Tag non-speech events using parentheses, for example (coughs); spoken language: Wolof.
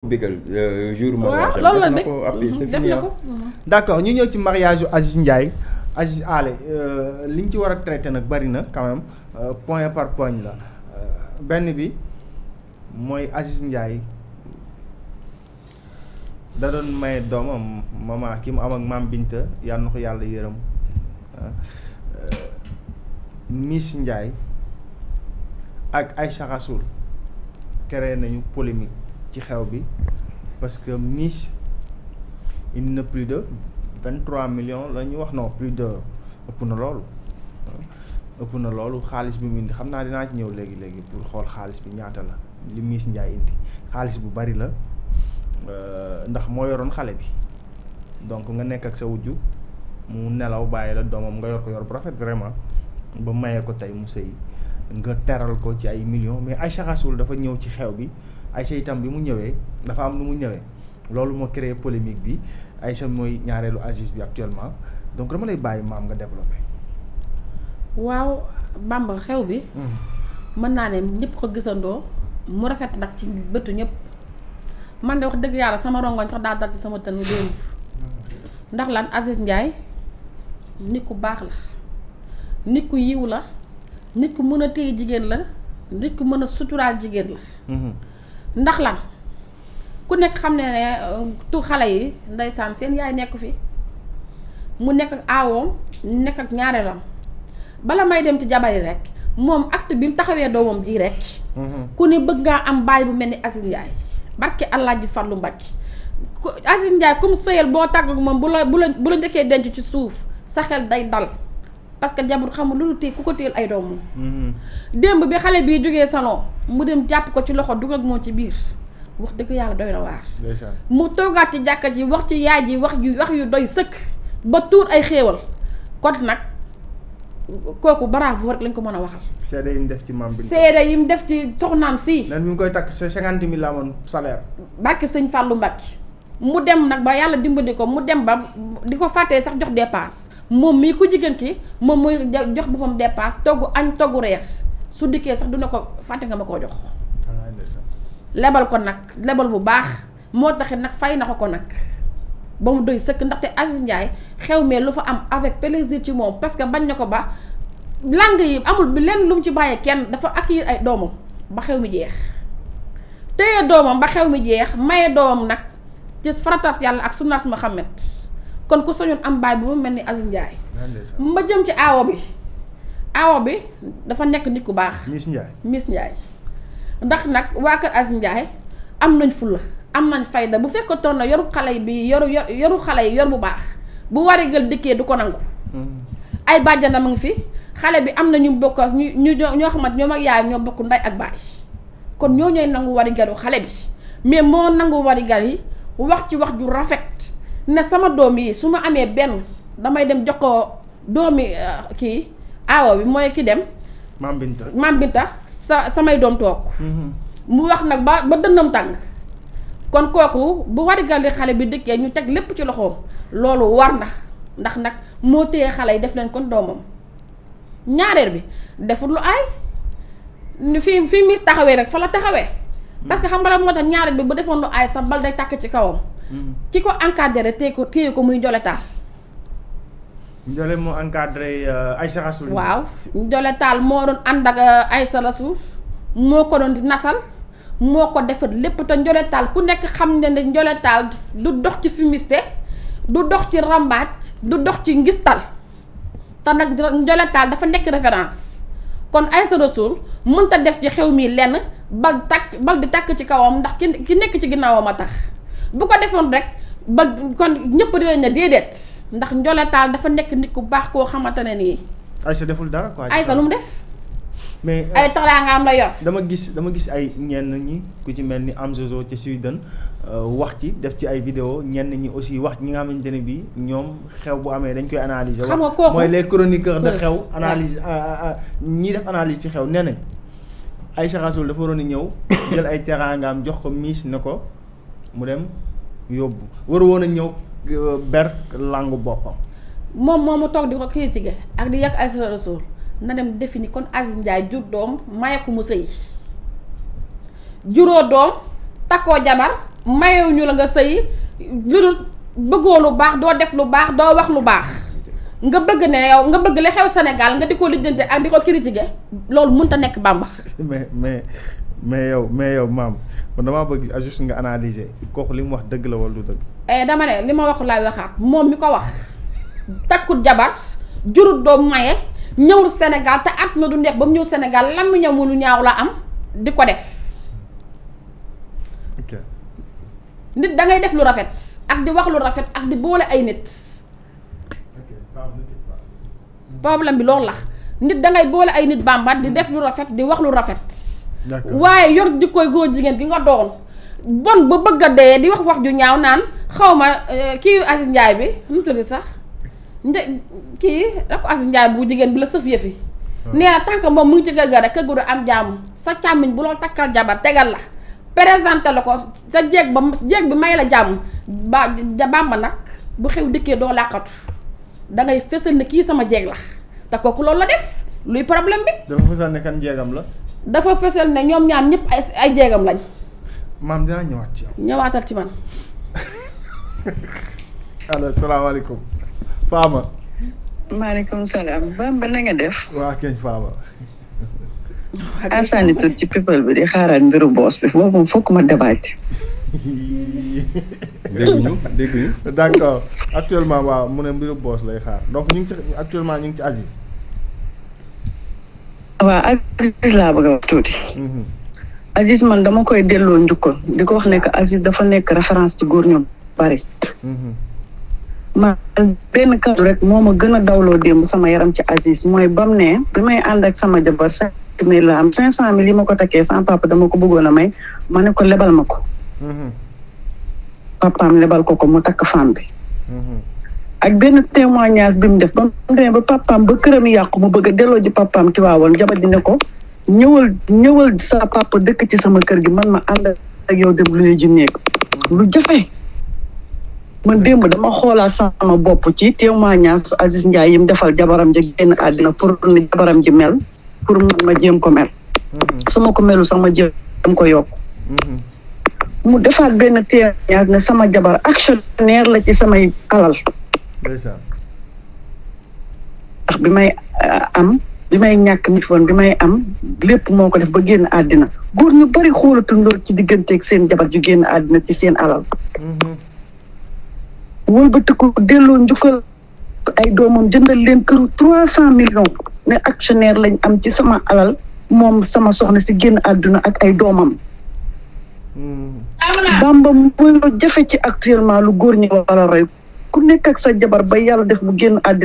bëggal euh, jour mariage loolu la mhm. ah. ñu ñëw ci mariage yu Aziz Ndiaye Aziz Ale euh, ci war a traité nag bari na quand euh, point par point la benn bi mooy Aziz Ndiaye da doon may doomam maman ki mu am ak maam Binta yàlla na ko yàlla yërëm ah. Miss Ndiaye ak ay Rassoul créé nañu polémique ci xew bi parce que Miss indi na plus de vingt trois millions la ñu wax non plus de ëpp na loolu ëpp na loolu xaalis bi mu indi xam naa dinaa ci ñëw léegi léegi pour xool xaalis bi ñaata la li Miss Ndiaye indi xaalis bu bari la euh, ndax moo yoroon xale bi donc nga nekk ak sa wujju mu nelaw bàyyi la doomam nga yor ko yor bu rafet vraiment ba mayee ko tey mu sëy nga teral ko ci ay millions mais Aïcha Rassoul dafa ñëw ci xew bi Aïcha itam bi mu ñëwee dafa am nu mu ñëwee loolu moo créé polémique bi ay Aïcha mooy ñaareelu Aziz bi actuellement donc dama lay bàyyi maam nga développé. waaw Bamba xew bi. Hmm. mën naa ne ñëpp ko gisandoo mu rafet nag ci bëtu ñëpp man de wax dëgg yàlla sama rongoñ sax daa dal ci sama tën démb hmm. ndax lan Aziz Ndiaye nit ku baax la nit ku yiw la nit ku mën a téye jigéen la nit ku mën a suturaal jigéen la. Hmm. ndax lan ku nekk xam ne ne tu xale yi ndeysaan seen yaay nekk fi mu nekk ak aawoom nekk ak ñaareelam bala may dem ci jabar yi rek moom acte bi mu taxawee doomam ji rek. Mhm. ku ne bëgg ngaa am baay bu mel ni Aziz Ndiaye barke allah ji farlu mbakki Aziz Ndiaye comme sëyal boo tàgg moom bu la bu la bu la njëkkee denc ci suuf sa xel day dal. parce que jabur xamul lu téye ku ko téyel ay doomam. Mm-hmm. démb bi xale bii jógee salon mu dem jàpp ko ci loxo dugg ak moom ci biir wax dëgg yàlla doy na waar. mu toogaat ci jàkka ji wax ci yaay ji wax yu wax yu doy sëkk ba tuur ay xéewal kon nag kooku bravo rek lañ ko mën a waxal. seede yi mu def ci maam bi yi mu def ci soxnaam si. ren ngi koy takk c'est mille la amoon salaire. Mbàkke sëñ Fallou Mbàkke mu dem nag ba yàlla dimbali ko mu dem ba di ko fàttee sax jox dépasse moom mii ku jigéen ki moom muy jox boppam dépasse togg añ togg reer su dikkee sax ne ko fàtte nga ma koo jox lebal ko nag lebal bu baax moo taxit nag fay na ko ko nag ba mu doy sëkk ndaxte Aziz Ndiaye xew mee lu fa am avec plaisir ci moom parce que bañ ne ko ba langue yi amul bi lenn lu ci bàyyee kenn dafa accueillir ay doomam ba xew mi jeex téye doomam ba xew mi jeex maye doomam nag ci faratas yàlla ak sunnaas Muhammad kon ku soñoon am baay bu mu mel ni Aziz Ndiaye ma ci aawo bi aawo bi dafa nekk nit ku baax Miss Ndiaye ndax nag waa kër Aziz am nañ fulla am nañ fayda bu fekk toon na yoru xale bi yoru yoru xale yi yor bu baax bu waree gël dikkee du ko nangu hmm. ay bàjjanam a ngi fi xale bi am na ñu bokk ñu ñu ñoo xamante ñoo ak yaayam ñoo bokk ndey ak baay kon ñoo ñooy nangu warigaru xale bi mais moo nangu warigar yi wax ci wax ju rafet ne sama doom yi su ma amee benn damay dem jox ko doomi euh, kii aawo bi mooy ki dem. maam Binta tax sa samay doom toog. Mm-hmm. mu wax nag ba ba dënnam tàng. kon kooku bu warigal li xale bi dëkkee ñu teg lépp ci loxoom loolu war na ndax nag moo téye xale yi def leen kon doomam ñaareel bi defut lu aay fi fii mis taxawee rek fa la taxawee. parce que xam nga la moo tax ñaareel bi bu defoon lu ay sax bal day tàkk ci kawam. Mm-hmm. ki ko encadré tey ko téye ko muy Ndiolé Tall. Ndiolé moo encadré euh, Aïssa Rassoul. waaw Ndiolé Tall moo doon ànd ak euh, Aïssa Rassoul moo ko doon di nasal moo ko defar lépp te Ndiolé taal ku nekk xam ne ne Ndiolé taal du dox ci fumiste du dox ci rambaaj du dox ci ngistal te nag Ndiolé Tall dafa nekk référence. kon Aïssa Rassoul mënta def ci xew mi lenn bal takk bal bi takk ci kawam ndax ki ki nekk ci ginnaawam a tax bu ko defoon rek ba kon ñëpp dinañ ne déedéet ndax njoletaal dafa nekk nit ku baax koo xamante ne nii. Aïssa deful dara ay Aïssa lu mu def. mais euh, ay teraanga am la yor. dama gis dama gis ay ñenn ñi ku ci mel ni am zozo ci Suède euh, wax ci def ci ay vidéo ñenn ñi aussi wax ñi nga xamante ne bii ñoom xew bu amee dañ koy analyser. xam nga kooku mooy les chroniqueurs da xew. analyse euh, ñi def analise ci xew nee nañ ay Rassoul dafa waroon a ñëw (coughs) jël ay teraangaam jox ko miis na ko mu dem yóbbu waru woon a ñëw ber langu boppam. moom moom mu toog di ko critiquer ak di yàq Aïcha Rassoul na dem defini kon Aziz Ndiaye jur doom mayeku mu sëy juróo doom takkoo jabar ñu la nga sëy lu dul bëggoo lu baax doo def lu baax doo wax lu baax nga bëgg ne yow nga bëgg li xew senegal nga di ko lijjante ak di ko critiquer loolu mënut a nekk Bamba. (laughs) mais mais mais yow mais yow maam man damaa bëgg juste nga analyser kooku li mu wax dëgg la wala du dëgg. Eh, dama ne li ma wax laay waxaat moom mi ko wax takkut jabar jurut doom maye. ñëwul Sénégal te at na du neex ba mu ñëw Sénégal lan mu ñëw lu ñaaw la am di ko def. nit dangay def lu rafet ak di wax lu rafet ak di boole ay nit. problème bi loolu la nit dangay boole ay nit bàmbat di def lu rafet di wax lu rafet. waaye yor koy goo jigéen bi nga doon bon ba bëgg a dee di wax wax ju ñaaw naan xaw ma euh, kii Aziz Ndiaye bi nu mu tudd sax. nde kii rek Aziz Ndiaye bu jigéen bi la sëf yëfi ah. nee na tant que moom mu ngi ci kër ga rek kër du am jaamu sa càmmiñ bu loo takkal jabar tegal la présenté la ko sa jeeg ba jéeg bi may la jàmm ba bàmba nag bu xew dikkee doo làqatu da ngay fësal ne kii sama jeeg la te kooku loolu la def luy problème bi. dafa fësal ne kan jéegam la. dafa fësal ne ñoom ñaar ñëpp ay ay jéegam lañ. maam dinaa ñëwaat ci yow. ñëwaatal ci man. (laughs) allo salaamaaleykum. Fama. maaleykum salaam Bamba na nga def. waa keñ Fama. Assane tur ci people bi di xaaraat mbiru boos bi foofu moom fokk ma débatté. dégg ñu dégg ñu. d' accord actuellement waaw mu ne mbiru boos lay xaar donc ñu ngi ci actuellement ñu ngi ci Aziz. waaw Aziz laa bëgg a tuuti. Mhm. Aziz man dama koy delloo njukkal di ko wax ne que dafa nekk référence ci góor ñu bari. Mhm. ma benn kàddu rek moo ma gën a dawloo démb sama yaram ci Aziz mooy bam ne bi may ànd ak sama jabar cinq mille la am cinq cent mille yi ma ko takkee sans papa dama ko bëggoon a may ma ne ko lebal ma ko mhm. papaam lebal ko ko mu takk femme bi mhm. ak benn témoignage bi mu def ba mu demee ba papaam ba këram yàqu mu bëgg a delloo ji papaam ci waawoon jabar di ne ko ñëwal ñëwal sa papa dëkk ci sama kër gi man ma ànd ak yow dem lu ji néeg mhm. lu jafe man démb dama xoolaa sama bopp ci témoignage su Aziz Ndiaye yim defal jabaram ji génn àddina pour ni jabaram ji mel pour man ma jéem ko mel mm-hmm. su ma ko melu sax ma ko yokk mm-hmm. mu defaat benn témoignage ne sama jabar actionnaire la ci samay alal ndax bi may uh, am bi may ñàkk nit woon bi may am lépp moo ko def ba génn àddina góor ñu bari xoolatuñ loolu ci digganteeg seen jabar ju génn àddina ci seen alal mm-hmm. wëlbatiku delloo njukka ay doomam jëndal leen këru trois cent millions ne actionnaire lañ am ci sama alal moom sama soxna si génn àdduna ak ay doomam. Hmm. bamba mooy lu jafe ci actuellement lu góor ñi war a roy ku nekk ak sa jabar ba yàlla def mu génn àdduna.